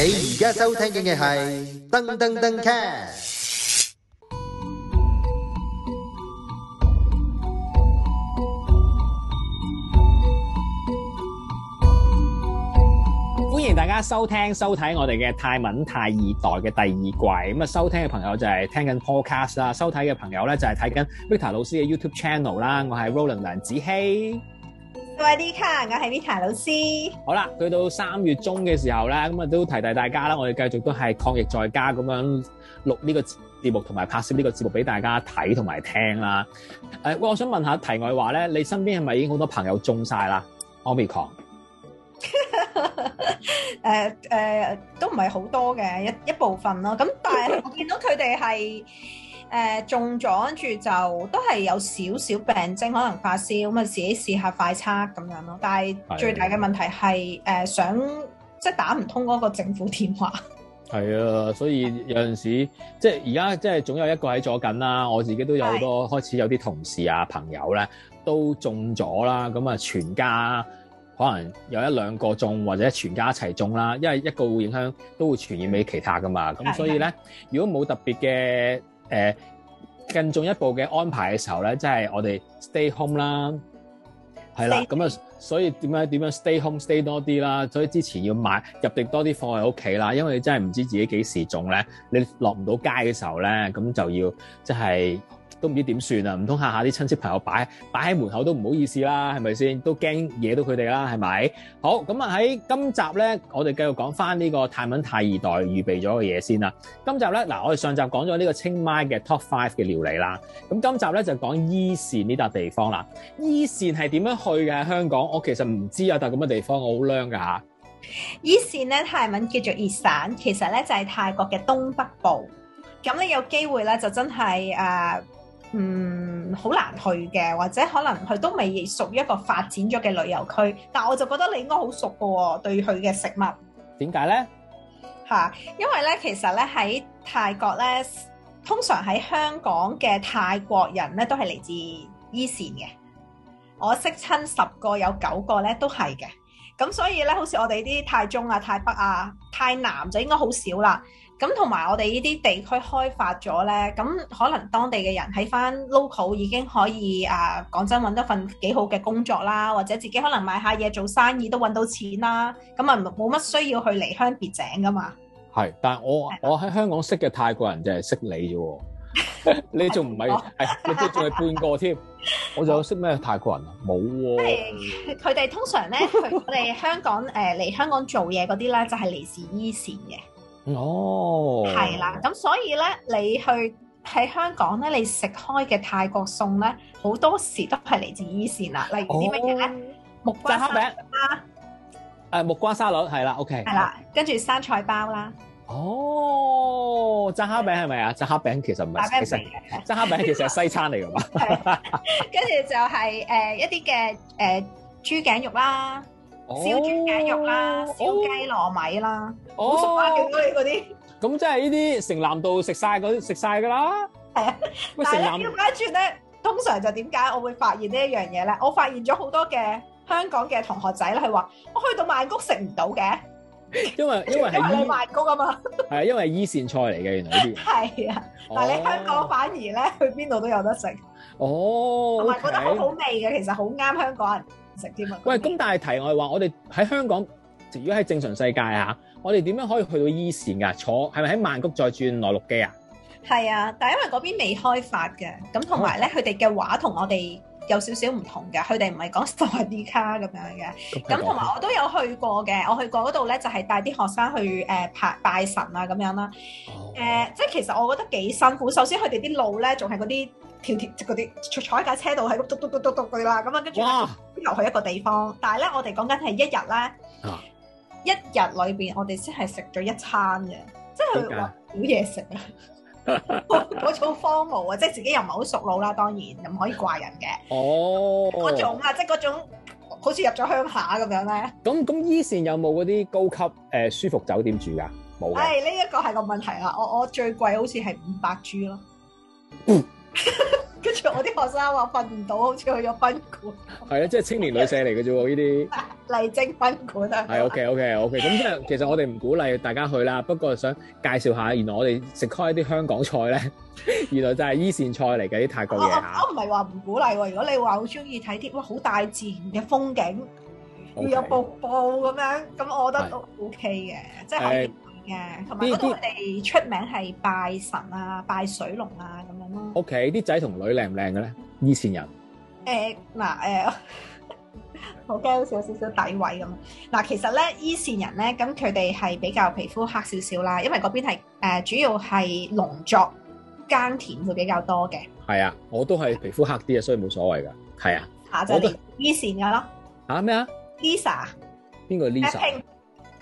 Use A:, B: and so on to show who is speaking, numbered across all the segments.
A: 你而家收聽嘅係噔噔噔 cast，歡迎大家收聽收睇我哋嘅泰文泰二代嘅第二季。咁啊，收聽嘅朋友就係聽緊 podcast 啦，收睇嘅朋友咧就係睇緊 Victor 老師嘅 YouTube channel 啦。我係 Roland 梁子希。
B: 喂，Dika，我係 Vita 老師。
A: 好啦，去到三月中嘅時候咧，咁啊都提提大家啦，我哋繼續都係抗疫在家咁樣錄呢個節目，同埋拍攝呢個節目俾大家睇同埋聽啦。誒，喂，我想問下題外話咧，你身邊係咪已經好多朋友中晒啦？Omicron？
B: 誒誒，都唔係好多嘅一一部分咯。咁但係我見到佢哋係。誒、呃、中咗，跟住就都係有少少病徵，可能發燒咁啊，自己試下快測咁樣咯。但係最大嘅問題係誒的、呃、想即係打唔通嗰個政府電話。
A: 係啊，所以有陣時的即係而家即係總有一個喺左近啦。我自己都有好多的開始有啲同事啊朋友咧都中咗啦，咁啊全家可能有一兩個中或者全家一齊中啦，因為一個會影響都會傳染俾其他噶嘛。咁所以咧，的如果冇特別嘅。誒、呃、更進一步嘅安排嘅時候咧，即係我哋 stay home 啦，係 Stay 啦，咁啊，所以點樣點樣 stay home stay 多啲啦，所以之前要買入定多啲貨喺屋企啦，因為你真係唔知自己幾時中咧，你落唔到街嘅時候咧，咁就要即係。都唔知點算啊！唔通下下啲親戚朋友擺擺喺門口都唔好意思啦，係咪先？都驚惹到佢哋啦，係咪？好咁啊！喺今集咧，我哋繼續講翻呢個泰文泰二代預備咗嘅嘢先啦。今集咧嗱，我哋上集講咗呢個清邁嘅 Top Five 嘅料理啦。咁今集咧就講伊善呢笪地方啦。伊善係點樣去嘅？香港我其實唔知啊，但係咁嘅地方我好靚㗎嚇。
B: 伊善咧泰文叫做伊善，其實咧就係泰國嘅東北部。咁咧有機會咧就真係誒～嗯，好難去嘅，或者可能佢都未屬於一個發展咗嘅旅遊區。但我就覺得你應該好熟嘅喎，對佢嘅食物。
A: 點解呢？
B: 嚇，因為咧，其實咧喺泰國咧，通常喺香港嘅泰國人咧都係嚟自伊善嘅。我識親十個有九個咧都係嘅，咁所以咧好似我哋啲泰中啊、泰北啊、泰南就應該好少啦。咁同埋我哋呢啲地區開發咗咧，咁可能當地嘅人喺翻 local 已經可以啊，講真揾一份幾好嘅工作啦，或者自己可能買下嘢做生意都揾到錢啦，咁啊冇乜需要去離鄉別井噶嘛。
A: 係，但係我吧我喺香港識嘅泰國人就係識你啫喎，你仲唔係？你都仲係半個添， 我就有識咩泰國人沒有啊？冇喎，
B: 佢哋通常咧，佢我哋香港誒嚟、呃、香港做嘢嗰啲咧，就係、是、嚟自伊善嘅。哦，係啦、oh.，咁所以咧，你去喺香港咧，你食開嘅泰國餸咧，好多時都係嚟自伊善，例如啲乜嘢咧？Oh. 木瓜沙
A: 律啊，誒木瓜沙律係啦，OK，係、okay. 啦，
B: 跟住生菜包啦。
A: 哦，oh. 炸蝦餅係咪啊？炸蝦餅其實唔係，炸蝦餅炸蝦餅其實係西餐嚟㗎嘛。
B: 跟住 就係、是、誒、呃、一啲嘅誒豬頸肉啦。小豬頸肉啦，小雞、oh, 糯米啦，我食慣
A: 嗰啲，咁即係呢啲城南道食晒嗰食晒噶啦。係，但係咧調解
B: 轉咧，通常就點解我會發現呢一樣嘢咧？我發現咗好多嘅香港嘅同學仔咧，佢話我去到曼谷食唔到嘅，
A: 因為因為你曼谷啊嘛，係啊，因為伊,伊善菜嚟嘅，原來呢啲。
B: 係啊，但係你香港反而咧，去邊度都有得食，
A: 同埋、oh, okay. 覺得好好
B: 味嘅，其實好啱香港人。
A: 喂，咁但係題外話，我哋喺香港，如果喺正常世界嚇，我哋點樣可以去到伊善㗎？坐係咪喺曼谷再轉內陸機啊？
B: 係啊，但因為嗰邊未開發嘅，咁、哦、同埋咧，佢哋嘅話同我哋有少少唔同嘅，佢哋唔係講 s o 啲卡咁樣嘅。
A: 咁同埋我
B: 都有去過嘅，我去過嗰度咧，就係帶啲學生去誒、呃、拜拜神啊咁樣啦。誒、哦呃，即係其實我覺得幾辛苦。首先佢哋啲路咧，仲係嗰啲。跳跳即嗰啲，坐喺架車度喺度，嘟嘟嘟嘟嘟嗰啲啦。咁啊，跟住又去一個地方，哇但係咧，我哋講緊係一日咧，啊、一日裏邊我哋先係食咗一餐嘅，即係話冇嘢食嗰種荒無啊，即係自己又唔係好熟路啦，當然又唔可以怪人嘅。
A: 哦，嗰種
B: 啊，即係嗰種好似入咗鄉下咁樣咧。
A: 咁咁，伊善有冇嗰啲高級誒、呃、舒服酒店住噶？冇。係
B: 呢一個係個問題啦。我我最貴好似係五百 G 咯。嗯跟住 我啲學生話瞓唔到，好似去咗賓館。
A: 係啊， 即係青年旅社嚟嘅啫喎，呢啲
B: 麗晶賓館啊。係
A: ，OK，OK，OK。 咁即係，其實我哋唔鼓勵大家去啦。不過想介紹下，原來我哋食開一啲香港菜咧， 原來就係伊善菜嚟嘅啲泰國嘢。我
B: 唔係話唔鼓勵。如果你話好中意睇啲，哇，好大自然嘅風景，要 Okay. 有瀑布咁樣，咁我覺得都 OK 嘅。誒是。即 嘅，同埋都佢哋出名係拜神啊、拜水龍啊咁樣咯。
A: OK，啲仔同女靚唔靚嘅咧？伊善人，
B: 誒，嗱，誒，我驚好似有少少詆毀咁。嗱，其實咧，伊善人咧，咁佢哋係比較皮膚黑少少啦，因為嗰邊係誒主要係農作耕田會比較多嘅。
A: 係啊，我都係皮膚黑啲啊，所以冇所謂噶。係啊，吓就係伊善嘅咯。吓咩啊？Lisa，邊個 Lisa？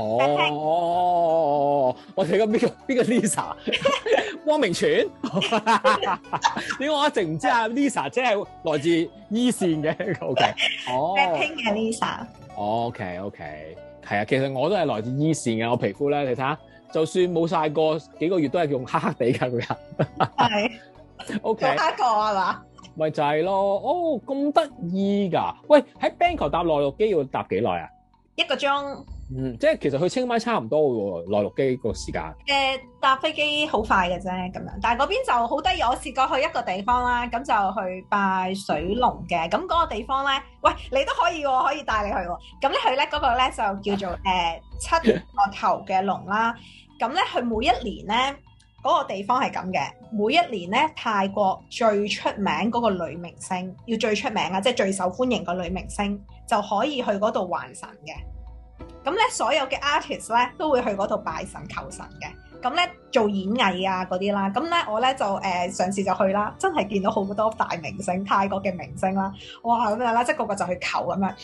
A: Oh, 啊、哦，我睇緊邊個邊個 Lisa， 汪明荃。點 解我一直唔知啊 Lisa 即係來自伊、e、善嘅？O K，哦，Blackpink 嘅 Lisa。O K O K，係啊，其實我都係來自伊、e、善嘅。我皮膚咧，你睇下，就算冇曬過幾個月，都係用黑黑哋 Okay. 用黑地嘅佢啊。係，O K。黑個係嘛？咪就係咯，哦，咁得意噶。喂，喺 Bangkok 搭內陸機要搭幾耐啊？
B: 一個鐘。
A: 嗯，即係其實去清邁差唔多喎，內陸機個時間。
B: 誒，搭飛機好快嘅啫，咁樣。但係嗰邊就好得意，我試過去一個地方啦，咁就去拜水龍嘅。咁、那、嗰個地方咧，喂，你都可以可以帶你去。咁咧去咧嗰個咧就叫做誒、 呃、七個頭嘅龍啦。咁咧佢每一年咧嗰、那個地方係咁嘅，每一年咧泰國最出名嗰個女明星，要最出名啊，即係最受歡迎個女明星就可以去嗰度還神嘅。咁咧，所有嘅 artist 咧都會去嗰度拜神求神嘅。咁咧做演藝啊嗰啲啦，咁咧我咧就誒、呃、上次就去啦，真係見到好多大明星，泰國嘅明星啦，哇咁、就是、樣啦，即、就、係、是、個個就去求咁樣。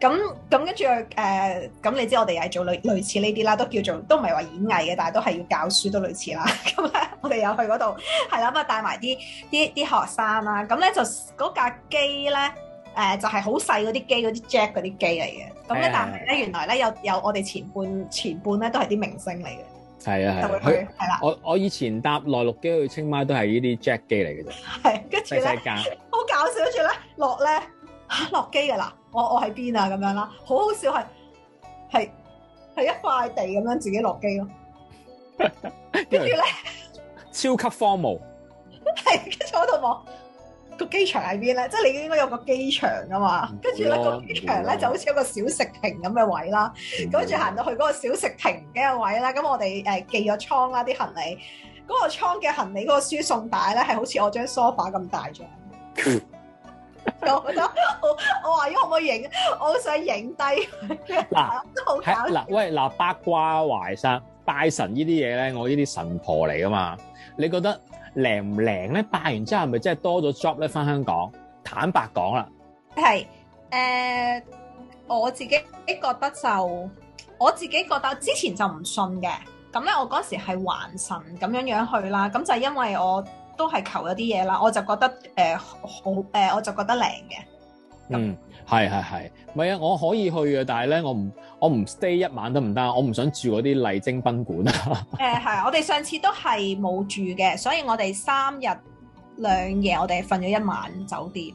B: 咁咁跟住誒，咁、呃、你知我哋又係做類類似呢啲啦，都叫做都唔係話演藝嘅，但係都係要教書都類似啦。咁咧我哋又去嗰度，係啦，咁啊帶埋啲啲啲學生啦。咁咧就嗰架機咧。誒就係好細嗰啲機，嗰啲 Jack 嗰啲機嚟嘅。咁咧是、啊呢，但係咧，原來咧有有我哋前半前半咧都係啲明星嚟嘅。
A: 係是啊，就會去係啦。我我以前搭內陸機去清邁都係、啊、呢啲 Jack 機嚟嘅啫。係，跟住咧好
B: 搞笑，住咧落咧落機㗎啦。我我喺邊啊？咁樣啦，好好笑，係係係一塊地咁樣自己落機咯。
A: 跟住咧，超級荒謬
B: 係跟住我喺度望。 個機場喺邊咧？即係你應該有個機場噶嘛，
A: 跟住咧個機場咧就好似
B: 有個小食亭咁嘅位啦。跟住行到去嗰個小食亭嘅位啦。咁我哋誒寄咗倉啦啲行李。嗰、嗰個倉嘅行李嗰個輸送帶咧係好似我張梳化咁大張。 我覺得我我話依可唔可以影？我好想影低。嗱， 都好
A: 搞笑。嗱，喂，嗱、呃，八卦淮山拜神呢啲嘢咧，我呢啲神婆嚟噶嘛？你覺得？靈唔靈咧？拜完之後係咪真係多咗 job 咧？返香港，坦白講啦，
B: 係誒、呃，我自己覺得就我自己覺得之前就唔信嘅，咁咧我嗰時係還神咁樣樣去啦，咁就因為我都係求咗啲嘢啦，我就覺得誒、呃、好誒、呃，我就覺得靈嘅。
A: 嗯，係係係，唔係啊，我可以去嘅，但係咧，我唔我唔 stay 一晚都唔得，我唔想住嗰啲麗晶賓館啊。
B: 誒、嗯，係，我哋上次都係冇住嘅，所以我哋三日兩夜，我哋瞓咗一晚酒店，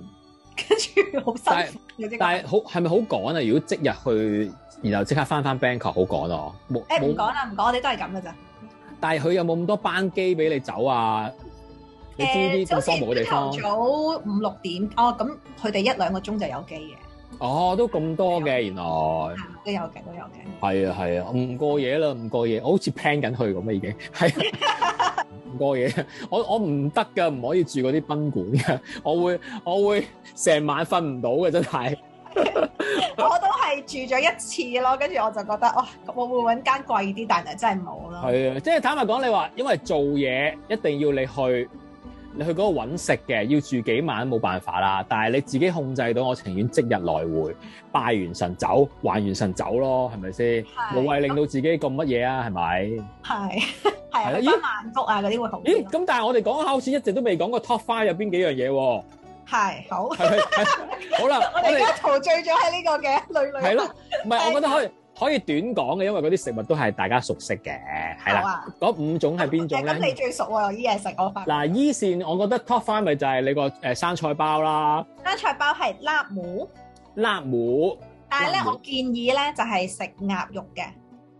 B: 跟住好辛苦。但係
A: 好係咪好趕啊？如果即日去，然後即刻翻翻 Bangkok，好趕哦。冇誒，唔趕
B: 啦，唔趕沒，我哋都係咁嘅咋。
A: 但係佢有冇咁多班機俾你走啊？你知，即係嘅地方？嗯、
B: 早五六點哦，咁佢哋一兩個鐘就有機嘅。
A: 哦，哦都咁多嘅原來。都有
B: 嘅，都有嘅。
A: 係啊係啊，唔過夜啦，唔過夜。我好似 plan 緊去咁啊，已經係唔 過夜。我我唔得噶，唔可以住嗰啲賓館噶，我會我會成晚瞓唔到嘅真係。
B: 我都係住咗一次咯，跟住我就覺得哇、哦，我會搵間貴啲，但係真係冇咯。
A: 係啊，即係坦白講，你話因為做嘢一定要你去。你去嗰度揾食嘅，要住幾晚冇辦法啦。但係你自己控制到，我情願即日來回拜完神走，還完神走咯，係咪先？無謂令到自己咁乜嘢啊，係咪？係係啊，翻萬福
B: 啊嗰啲道理。
A: 咦？咁但係我哋講下好似一直都未講過 Top Five 有邊幾樣嘢？係
B: 好，好啦，我哋而家陶醉咗喺呢個嘅類類係
A: 咯。唔係，我覺得可以。可以短講嘅，因為嗰啲食物都係大家熟悉嘅，係啦、啊。嗰五種係邊種？咁你
B: 最熟喎，依嘢食我發嘅。
A: 嗱，伊善我覺得 top five 咪就係你個誒生菜包啦。
B: 生菜包係辣糊，
A: 辣糊姆。
B: 但係咧，我建議咧就係食鴨肉嘅，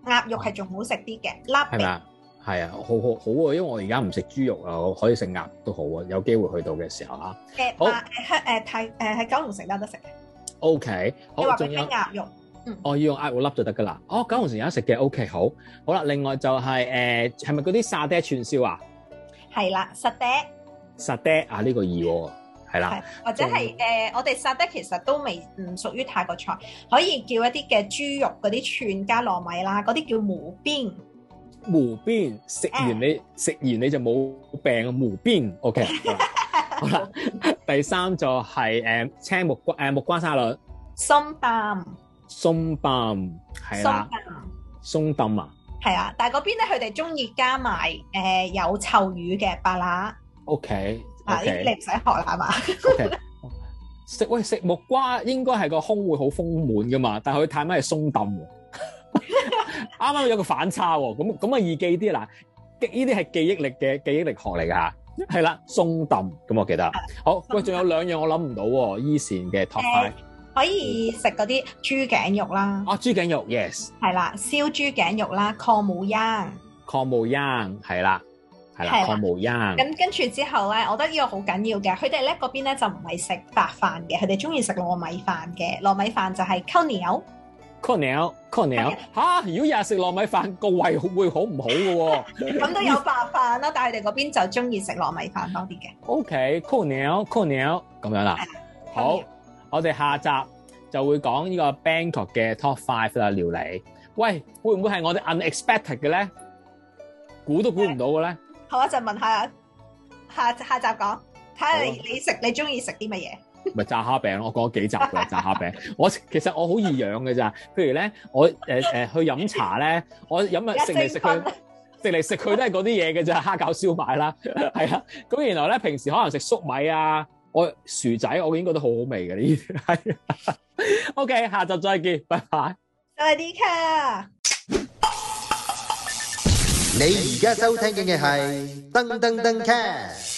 B: 鴨肉係仲好食啲嘅。辣
A: 係咪啊？係比啊，好好好啊，因為我而家唔食豬肉啊，我可以食鴨都好啊，有機會去到嘅時候嚇。嘅、
B: 欸，啊，喺誒泰喺九龍城有得食
A: 嘅。OK 好。你話係鴨肉。嗯哦、要我要用艾胡粒就得噶啦。哦，九龍城有得食嘅，O K，好。好啦，另外就係、是、誒，係咪嗰啲沙爹串燒啊？
B: 係啦，沙爹。
A: 沙爹啊，呢、這個二喎、哦，係啦是。或者係誒就、
B: 呃，我哋沙爹其實都未唔屬於泰國菜，可以叫一啲嘅豬肉嗰啲串加糯米啦，嗰啲叫無邊。
A: 無邊，食完你食、欸、完你就冇病、啊，無邊。O、OK, K。好啦， 好第三就係、是、誒、呃、青木誒、呃、木瓜沙律。
B: 心淡。
A: 鬆燉係啦，鬆燉丹啊，
B: 係啊，但係嗰邊咧，佢哋中意加埋誒、呃、有臭魚嘅白拿。
A: OK，嗱呢啲你唔
B: 使學啦，係嘛
A: ？Okay. 食喂食木瓜應該係個胸會好豐滿噶嘛，但係佢泰文係鬆燉？啱 啱 有個反差喎、啊，咁咁啊易記啲啦，呢啲係記憶力嘅記憶力學嚟噶吓，係啦、 啊、鬆燉，咁我記得。好，喂丹，仲有兩樣我諗唔到、啊，伊善嘅 Top five。
B: 可以食嗰啲豬頸肉啦。
A: 哦，豬頸肉，Yes。
B: 係啦，燒豬頸肉啦，抗無氧。
A: 抗無氧係啦，係啦，抗無氧。咁
B: 跟住之後咧，我覺得個呢個好緊要嘅。佢哋咧嗰邊咧就唔係食白飯嘅，佢哋中意食糯米飯嘅。糯米飯就係 cornmeal。
A: cornmeal cornmeal 嚇，如果日食糯米飯，個胃會好唔好喎？
B: 咁 都有白飯啦、啊， 但係佢哋嗰邊就中意食糯米飯多啲嘅。
A: OK，cornmeal cornmeal 咁樣啦、啊，母好。我哋下集就會講呢個 Bangkok 嘅 Top Five 嘅料理。喂，會唔會係我哋 unexpected 嘅咧？估都估唔到嘅咧。好，我陣問下
B: 下下集講，睇下你、啊、你食你中意食啲乜嘢？
A: 咪炸蝦餅咯，我講咗幾集啦，炸蝦餅。我，我其實我好易養嘅咋。譬如咧，我誒誒、呃呃、去飲茶咧，我飲啊食嚟食去，食嚟食去都係嗰啲嘢嘅咋，蝦餃、燒賣啦，係啊。咁原來咧，平時可能食粟米啊。我薯仔，我已經覺得好好味嘅。呢啲，係 OK。下集再見，拜拜。
B: 再啲卡，
A: 你而家收聽緊嘅係噔噔噔卡。